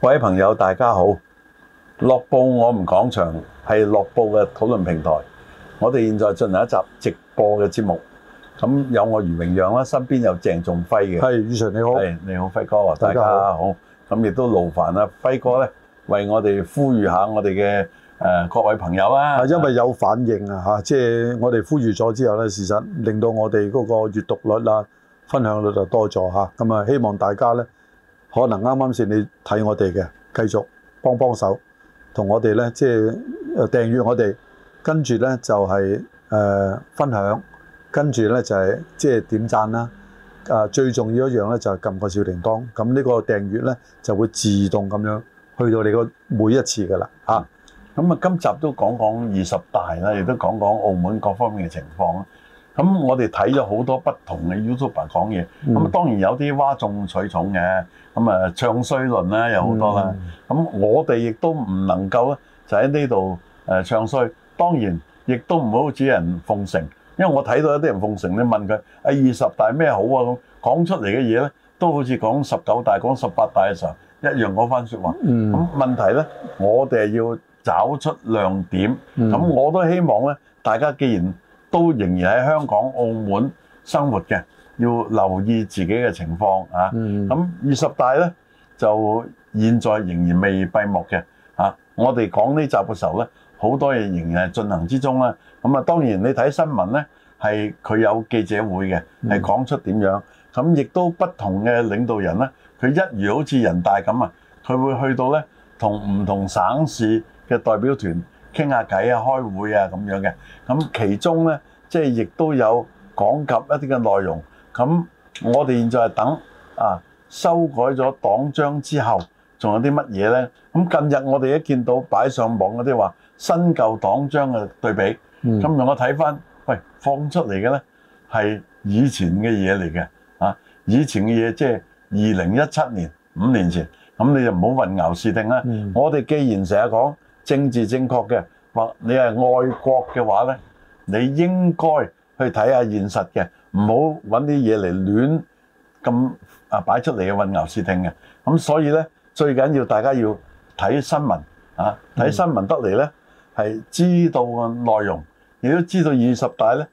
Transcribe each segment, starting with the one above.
各位朋友，大家好！樂報我唔講場，係樂報嘅討論平台。我哋現在進行一集直播嘅節目，咁有我余榮讓啦，身邊有鄭仲輝嘅。係宇晨你好，你好輝哥，大家好。咁亦都勞煩啊，輝哥咧為我哋呼籲下我哋嘅誒各位朋友啊。因為有反應啊吓，即係我哋呼籲咗之後咧，事實令到我哋嗰個閱讀率啦、啊、分享率就多咗吓。咁啊，啊，希望大家咧。可能啱啱先你睇我哋嘅，繼續幫幫手，同我哋咧即係訂閲我哋，跟住咧就係誒分享，跟住咧就係即係點讚啦。啊，最重要一樣咧就係撳個小鈴鐺，咁、這、呢個訂閲咧就會自動咁樣去到你個每一次噶啦嚇。咁啊，今集都講講二十大啦，亦都講講澳門各方面嘅情況啦。咁我哋睇咗好多不同嘅 YouTuber 講嘢，咁、嗯、當然有啲嘩眾取寵嘅，咁啊唱衰論啦、啊，有好多啦。咁、嗯、我哋亦都唔能夠咧，就喺呢度誒唱衰。當然亦都唔好只人奉承，因為我睇到一啲人奉承，你問佢啊二十大咩好啊，講出嚟嘅嘢咧，都好似講十九大、講十八大嘅時候一樣嗰番説話。咁、嗯、問題咧，我哋係要找出亮點。咁、嗯、我都希望咧，大家既然都仍然喺香港、澳門生活嘅，要留意自己嘅情況、嗯、啊！咁二十大咧就現在仍然未閉幕嘅啊！我哋講呢集嘅時候咧，好多嘢仍然係進行之中啦。咁啊，當然你睇新聞咧，係佢有記者會嘅，係講、嗯、出點樣咁亦、啊、都不同嘅領導人咧，佢一如好似人大咁啊，佢會去到咧同唔同省市嘅代表團。傾下偈啊，開會啊咁樣嘅，咁其中呢即係亦都有講及一啲嘅內容。咁我哋現在等啊修改咗黨章之後，仲有啲乜嘢呢？咁近日我哋一見到擺上網嗰啲話新舊黨章嘅對比。今日我睇返，喂，放出嚟嘅呢係以前嘅嘢嚟嘅啊！以前嘅嘢即係二零一七年五年前，咁你就唔好混淆視聽啦。我哋既然成日講政治正確嘅。你係愛國嘅話，呢你應該去睇下現實嘅，唔好揾啲嘢嚟亂咁啊擺出嚟嘅混淆視聽嘅。咁所以呢，最緊要大家要睇新聞啊，睇新聞得嚟呢係知道內容，亦都知道二十大呢。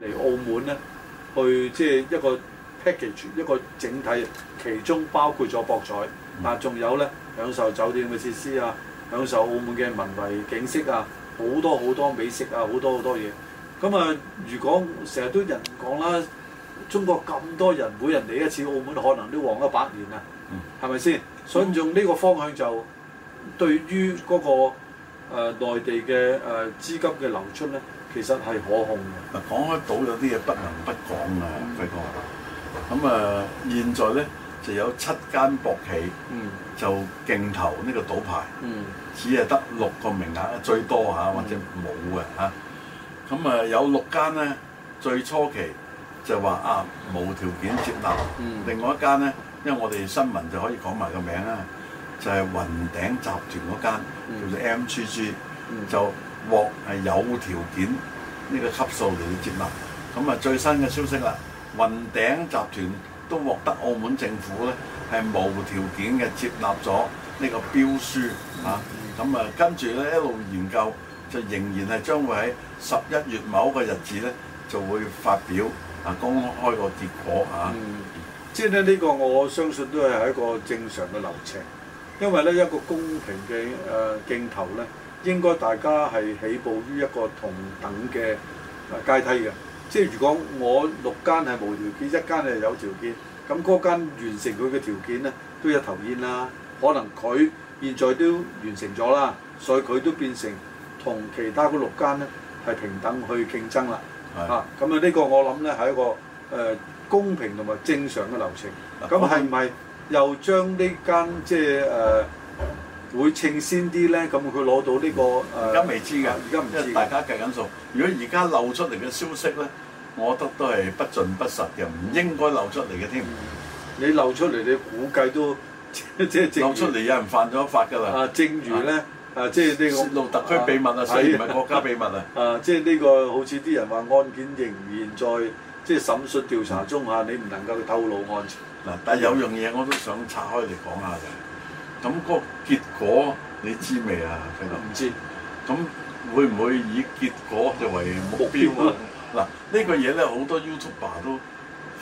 嚟澳門咧，去即係一個 package，一個整體，其中包括咗博彩，但仲有咧，享受酒店嘅設施啊，享受澳門嘅文遺景色啊，好多好多美食啊，好多好多嘢。咁、嗯、啊，嗯、如果成日都人講啦，中國咁多人，每人嚟一次澳門，可能都旺咗百年啊，係咪先？嗯、所以用呢個方向就對於嗰、嗰個誒內、呃、地嘅誒資金嘅流出咧。其實係可控嘅。嗱，講開賭有啲嘢不能不講啊，輝哥。咁啊，現在咧就有七間博企，就競投呢個賭牌，只係得六個名額，最多嚇或者冇嘅嚇。咁啊，有六間咧，最初期就話啊無條件接納。另外一間咧，因為我哋新聞就可以講埋個名啦，就係雲頂集團嗰間叫做 MGG，就。獲係有條件呢個級數嚟去接納，咁啊最新嘅消息啦，雲頂集團都獲得澳門政府咧係無條件嘅接納咗呢個標書嚇，咁啊跟住咧一路研究就仍然係將會喺十一月某個日子咧就會發表啊公開個結果嚇，即係咧呢個我相信都係一個正常嘅流程，因為咧一個公平嘅誒競投咧。應該大家係起步於一個同等嘅階梯嘅，即係如果我六間係無條件，一間係有條件，咁嗰間完成佢嘅條件咧，都有一頭煙啦。可能佢現在都完成咗啦，所以佢都變成同其他嗰六間咧係平等去競爭啦。嚇是的、啊，咁啊呢個我諗咧係一個誒、呃、公平同埋正常嘅流程。咁係唔係又將呢間即係誒？呃會稱鮮啲咧，咁佢攞到呢、呢個，而家、嗯、未知㗎，而家唔知。因為大家計緊數。如果而家漏出嚟嘅消息咧，我覺得都係不盡不實嘅，唔應該漏出嚟嘅添。你漏出嚟，你估計都即係漏出嚟，有人犯咗法㗎啦。啊，正如咧，啊，啊，即係呢個洩露特區秘密啊，所以唔係國家秘密啊。啊，即係呢、呢個好似啲人話案件仍然在即係審訊調查中啊，你唔能夠透露案情。嗱、嗯，但係有樣嘢我都想拆開嚟講下嘅。嗯咁個結果你知未啊？佢唔、嗯、知，咁會唔會以結果作為目標，目標啊？嗱， 呢個嘢咧好多 YouTuber 都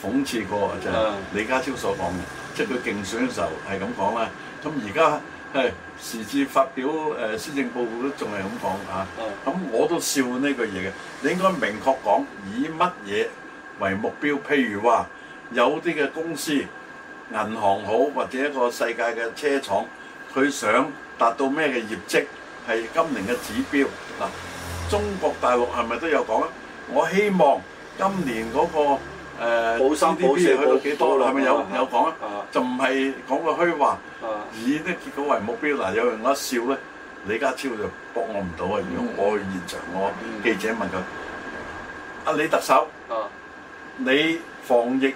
諷刺過啊！就係、嗯、李家超所講嘅，即係佢競選嘅時候係咁講啦。咁而家係時至發表誒施、呃、政報告都仲係咁講啊。咁、嗯、我都笑呢個嘢嘅，你應該明確講以乜嘢為目標？譬如話有啲嘅公司。銀行好或者一個世界嘅車廠，佢想達到咩嘅業績係今年嘅指標嗱。中國大陸係咪都有講啊？我希望今年嗰個誒 GDP 去到幾多，係咪有有講啊？就唔係講個虛話，以呢結果為目標嗱。有人一笑咧，李家超就博我唔到啊！如果我去現場，我記者問佢啊，李特首，你防疫？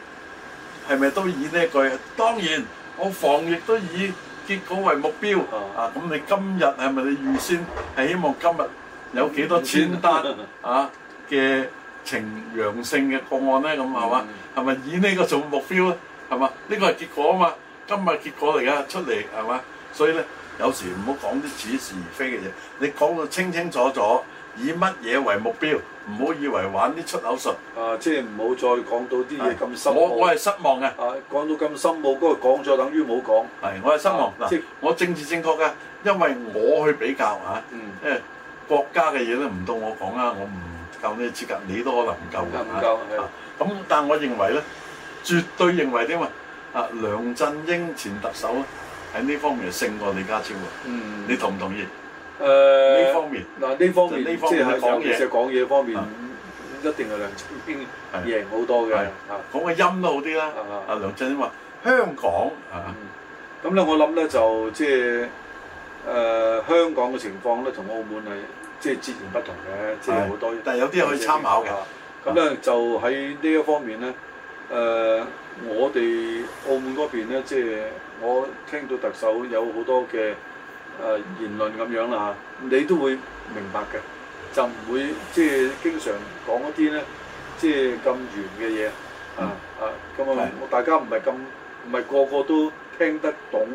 係咪都以呢一句？當然，我防疫都以結果為目標。嗯、啊，咁你今日係咪你預先係希望今日有幾多千單、嗯、啊嘅呈陽性嘅個案咧？咁係嘛？係咪、嗯、以呢個做目標咧？係嘛？呢、這個係結果啊嘛，今日結果嚟㗎，出嚟係嘛？所以咧。有時唔好講啲似是而非嘅嘢，你講到清清楚楚，以乜嘢為目標？唔好以為玩啲出口術。誒，即係唔好再講到啲嘢咁深。我我係失望嘅。誒，講到咁深，冇嗰個講咗，等於冇講。係，我係失望。即係我政治正確嘅，因為我去比較啊。嗯。誒，國家嘅嘢咧，唔到我講啊，我唔夠咩資格，你都可能唔夠㗎。唔夠係啊。咁，但我認為咧，絕對認為點啊？啊，梁振英前特首啊！喺呢方面勝過李家超啊！嗯，你同唔同意？誒，呢方面嗱，呢方面呢，即係講嘢，講嘢方面一定係阿梁振英贏好多嘅啊！講個音都好啲啦，阿梁振英話香港啊，咁咧我諗咧就即係誒香港嘅情況咧，同澳門係即係截然不同嘅，即係好多。但係有啲可以參考嘅。咁咧就喺呢一方面咧，誒。我哋澳門嗰邊咧，即、就、係、是、我聽到特首有好多嘅誒言論咁樣啦嚇，你都會明白嘅，就唔會即係、就是、經常講一啲咧，即係咁圓嘅嘢啊啊咁啊！嗯、大家唔係咁唔係個個都聽得懂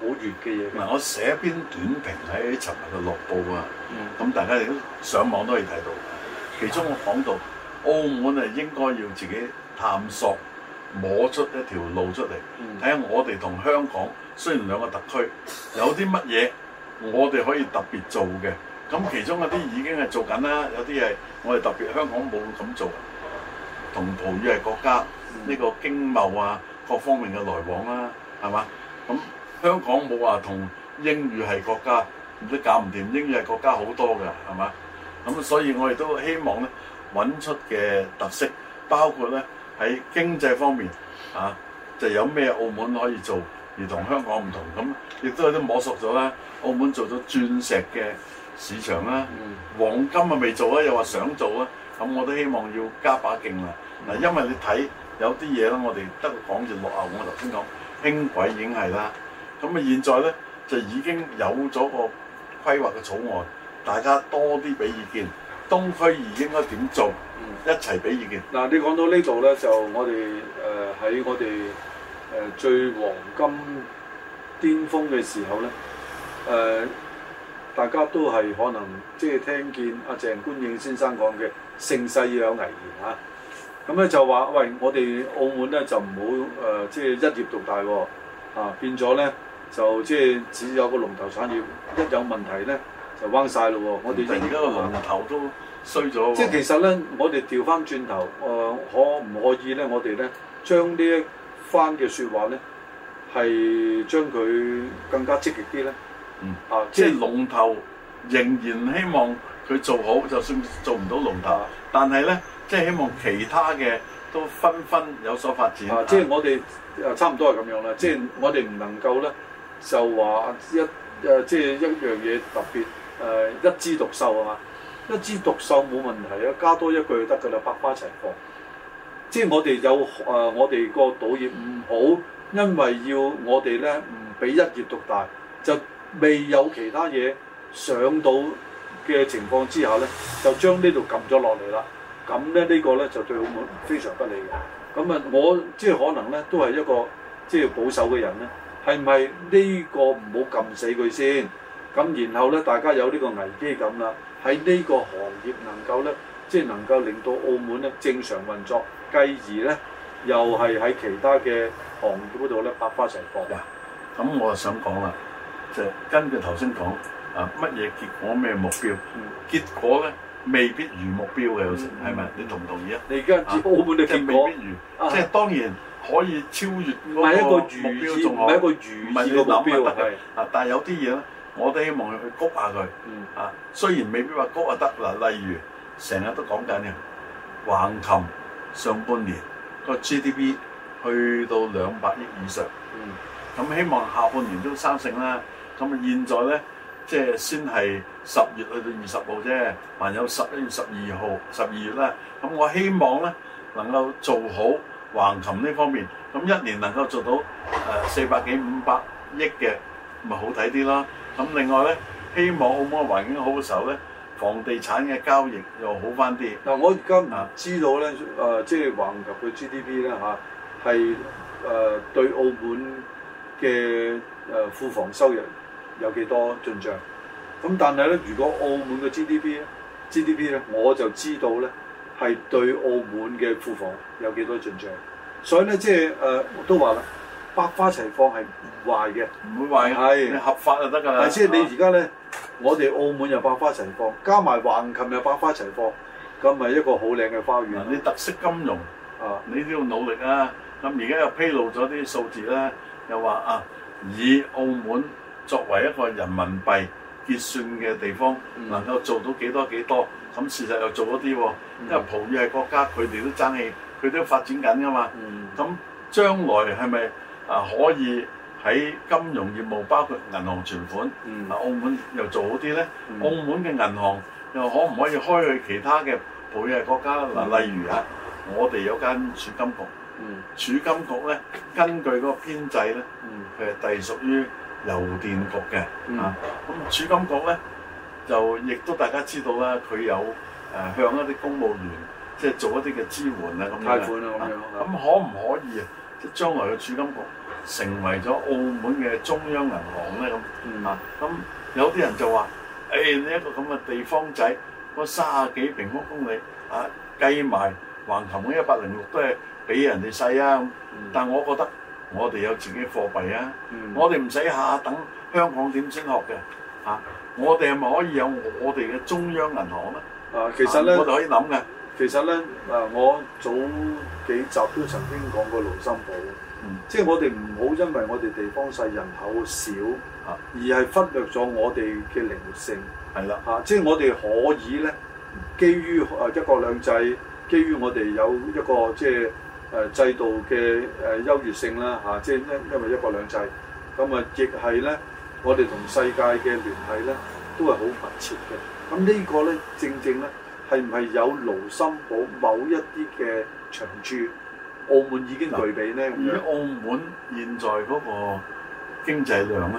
好圓嘅嘢。嗱，我寫一篇短評喺尋日嘅樂報啊，咁、嗯、大家亦都上網都可以睇到。其中我講到澳門係應該要自己探索。摸出一條路出嚟，睇下我哋同香港雖然兩個特區，有啲乜嘢我哋可以特別做嘅，咁其中嗰啲已經係做緊啦，有啲係我哋特別香港冇咁做，同葡語係國家呢個經貿啊各方面嘅來往啦，係嘛？咁香港冇話同英語係國家都搞唔掂，英語係國家好多㗎，係嘛？咁所以我哋都希望咧搵出嘅特色包括咧。喺經濟方面，啊，就有咩澳門可以做，而同香港唔同，咁亦都有啲摸索咗啦。澳門做咗鑽石嘅市場啦，嗯、黃金啊未做啊，又話想做啊，咁我都希望要加把勁啦。嗱、嗯，因為你睇有啲嘢啦，我哋得個講字落後，我頭先講輕軌已經係啦，咁啊現在咧就已經有咗個規劃嘅草案，大家多啲俾意見。東區而應該點做？嗯，一齊俾意見。嗱、嗯，你講到呢度咧，就我哋誒喺我哋誒、呃、最黃金巔峰嘅時候咧，誒、呃、大家都係可能即係、就是、聽見阿鄭觀應先生講嘅盛世要有危言嚇。咁、啊、咧、嗯、就話喂，我哋澳門咧就唔好誒即係一業獨大喎，啊變咗咧就即係、就是、只有個龍頭產業，一有問題咧。就掹晒咯，我哋而家個龍頭都衰咗。即係其實咧，我哋調翻轉頭，誒可唔可以咧？我哋咧將呢一番嘅説話咧，係將佢更加積極啲咧。嗯。啊，即係龍頭仍然希望佢做好，就算做唔到龍頭，但係咧，即係希望其他嘅都紛紛有所發展。啊，即係我哋誒差唔多係咁樣啦。即係我哋唔能夠咧，就話一誒即係一樣嘢特別。誒、呃，一枝獨秀啊嘛，一枝獨秀冇問題啊，加多一句就得噶啦，百花齊放。即係我哋有誒、呃，我哋個賭業唔好，因為要我哋咧唔俾一業獨大，就未有其他嘢上到嘅情況之下咧，就將呢度撳咗落嚟啦。咁、這、咧、個、呢個咧就對澳門非常不利嘅。咁啊，我即係可能咧都係一個即係保守嘅人咧，係唔係呢個唔好撳死佢先？咁然後咧，大家有呢個危機感啦，喺呢個行業能夠咧，即係能夠令到澳門咧正常運作，繼而咧又係喺其他嘅行業嗰度咧百花齊放㗎。咁、嗯、我就想講啦，就跟住頭先講啊，乜嘢結果咩目標？結果咧未必如目標嘅，有係咪？你同唔同意啊、嗯？你而家澳門嘅結果，即係的當然可以超越，唔係一個預設，唔係好一個預設嘅目標嘅。啊的，但係有啲嘢咧。我哋希望去谷下佢，啊，雖然未必話谷啊得啦。例如成日都講緊嘅橫琴上半年個 GDP 去到兩百億以上，咁希望下半年都三成啦。咁啊，現在咧即係先係十月去到二十號啫，還有十一月十二號、十二月咧。咁我希望咧能夠做好橫琴呢方面，咁一年能夠做到誒四百幾五百億嘅，咪好睇啲啦。咁另外咧，希望澳門環境好嘅時候咧，房地產嘅交易又好翻啲。嗱、啊，我而家唔知道咧，誒、呃、即係橫及嘅 GDP 咧嚇，係、啊、誒、呃、對澳門嘅誒、呃、庫房收入有幾多進賬？咁但係咧，如果澳門嘅 GDP 咧，GDP 咧，我就知道咧係對澳門嘅庫房有幾多進賬。所以咧，即係誒、呃、都話啦。百花齊放係壞嘅，唔會壞，係合法就得㗎啦。係即係你而家咧，我哋澳門有百花齊放，加埋橫琴有百花齊放，咁咪一個好靚嘅花園。你特色金融啊，你都要努力啊。咁而家又披露咗啲數字咧，又話啊，以澳門作為一個人民幣結算嘅地方，能夠做到幾多幾多。咁事實又做咗啲，因為葡語系國家，佢哋都爭氣，佢都發展緊㗎嘛。咁將來係咪？啊，可以喺金融業務，包括銀行存款，嗱，澳門又做好啲咧。澳門嘅銀行又可唔可以開去其他嘅葡語國家咧？嗱，例如啊，我哋有間儲金局，儲金局咧，根據個編制咧，佢係隸屬於郵電局嘅。啊，咁儲金局咧就亦都大家知道啦，佢有誒向一啲公務員即係做一啲嘅支援啊咁樣啊。貸款啊咁樣。咁可唔可以？將來嘅儲金局成為咗澳門嘅中央銀行咧咁，啊、嗯，咁有啲人就話，誒、哎，你一個咁嘅地方仔，嗰三啊幾平方公里，啊，計埋橫琴一百零六都係比人哋細啊、嗯，但我覺得我哋有自己貨幣啊、嗯、啊，我哋唔使下等香港點先學嘅，嚇，我哋係咪可以有我哋嘅中央銀行咧？啊，其實咧、啊，我哋可以諗嘅。其實咧，嗱，我早幾集都曾經講過盧森堡，嗯、即係我哋唔好因為我哋地方細、人口少嚇，而係忽略咗我哋嘅靈活性。係啦的，嚇、啊，即係我哋可以咧，基於誒一國兩制，基於我哋有一個即係誒、呃、制度嘅誒優越性啦嚇、啊，即係因因為一國兩制，咁啊亦係咧，我哋同世界嘅聯繫咧都係好密切嘅。咁呢個咧，正正咧。係唔係有盧森堡某一啲嘅長處？澳門已經具備咧。以澳門現在嗰個經濟量咧，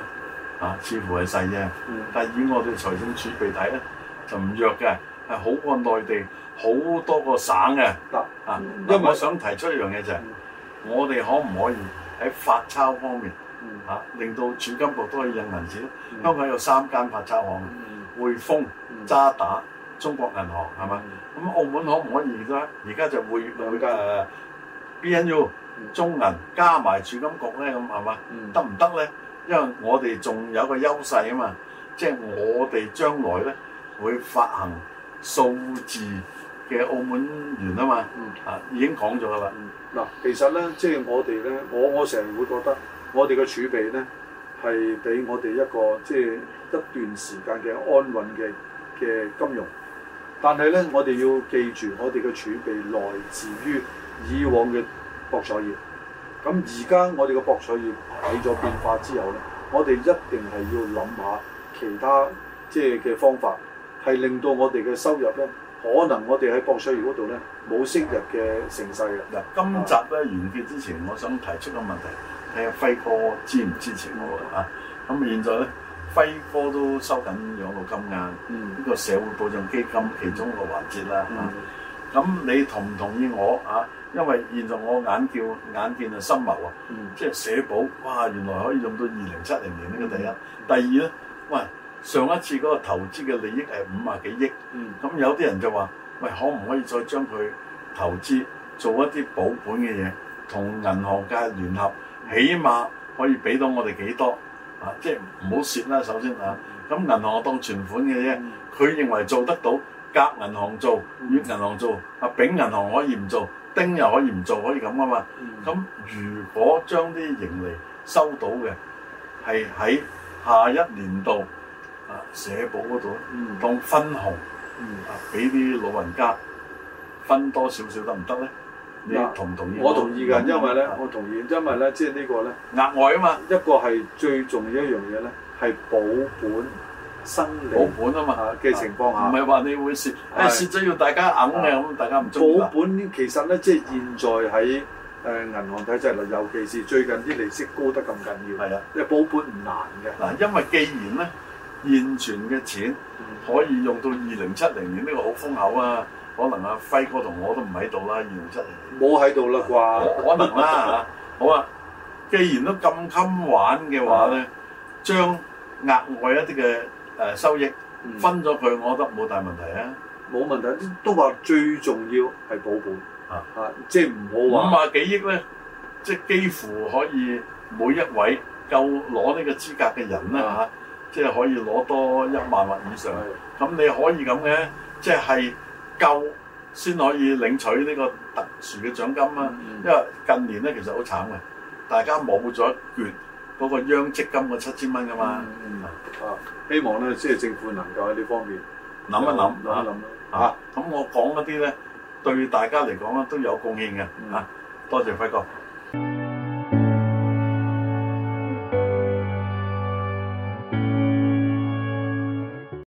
嚇似乎係細嘅，但係以我哋財政儲備睇咧，就唔弱嘅，係好過內地好多個省嘅。得嚇，因為我想提出一樣嘢就係，我哋可唔可以喺發鈔方面嚇令到財金局都可以印銀紙咧？香港有三間發鈔行，匯豐、渣打。中國銀行係嘛？咁澳門可唔可以而家而家就會越來越 BNU 中銀加埋儲金局咧？咁係嘛？得唔得咧？因為我哋仲有個優勢啊嘛，即係我哋將來咧會發行數字嘅澳門元啊嘛。嗯啊，已經講咗㗎啦。嗱、嗯，其實咧，即係我哋咧，我我成日會覺得我哋嘅儲備咧係俾我哋一個即係一段時間嘅安穩嘅嘅金融。但係咧，我哋要記住，我哋嘅儲備來自於以往嘅博彩業。咁而家我哋嘅博彩業起咗變化之後咧，我哋一定係要諗下其他即係嘅方法，係令到我哋嘅收入咧，可能我哋喺博彩業嗰度咧冇昔日嘅盛世嗱。今集咧完結之前，我想提出個問題，睇下輝哥支唔支持我啊？咁現在咧。輝哥都收緊養老金額，呢、嗯、個社會保障基金其中一個環節啦嚇。咁、嗯嗯、你同唔同意我啊？因為現在我眼見眼見啊，深謀啊，即係社保哇，原來可以用到二零七零年呢個第一，嗯、第二咧，喂，上一次嗰個投資嘅利益係五啊幾億，咁、嗯、有啲人就話，喂，可唔可以再將佢投資做一啲保本嘅嘢，同銀行嘅聯合，起碼可以俾到我哋幾多，多？啊，即係唔好蝕啦，首先啊，咁銀行當存款嘅啫，佢、嗯、認為做得到，甲銀行做，乙銀、嗯、行做，啊丙銀行可以唔做，丁又可以唔做，可以咁噶嘛。咁、嗯、如果將啲盈利收到嘅，係喺下一年度啊社保嗰度、嗯、當分紅，嗯、啊俾啲老人家分多少少得唔得咧？你同唔同意我？我同意噶，意因為咧，我同意，的因為咧、這個，即係呢個咧額外啊嘛。一個係最重要一樣嘢咧，係保本生保本啊嘛嘅情況下，唔係話你會蝕，誒蝕咗要大家揞嘅咁，的大家唔保本。其實咧，即係現在喺誒銀行體制嗱，尤其是最近啲利息高得咁緊要，係啊的，因為保本唔難嘅嗱。因為既然咧現存嘅錢可以用到二零七零年呢、這個好豐厚啊。可能阿輝哥同我都唔喺度啦，二零七零，冇喺度啦啩？可能啦嚇。好啊，既然都咁襟玩嘅話咧，將額外一啲嘅誒收益分咗佢，我覺得冇大問題啊。冇問題，都話最重要係保本啊啊！即係唔好話五啊幾億咧，即係幾乎可以每一位夠攞呢個資格嘅人啦嚇，即係可以攞多一萬或以上。咁你可以咁嘅，即係。夠先可以領取呢個特殊嘅獎金啊！嗯、因為近年咧其實好慘嘅，大家冇咗一攰嗰個央積金嘅七千蚊噶嘛、嗯嗯嗯。啊，希望咧即係政府能夠喺呢方面諗一諗，諗一諗。嚇、啊，咁、啊、我講一啲咧對大家嚟講咧都有貢獻嘅。嗯、啊，多謝輝哥。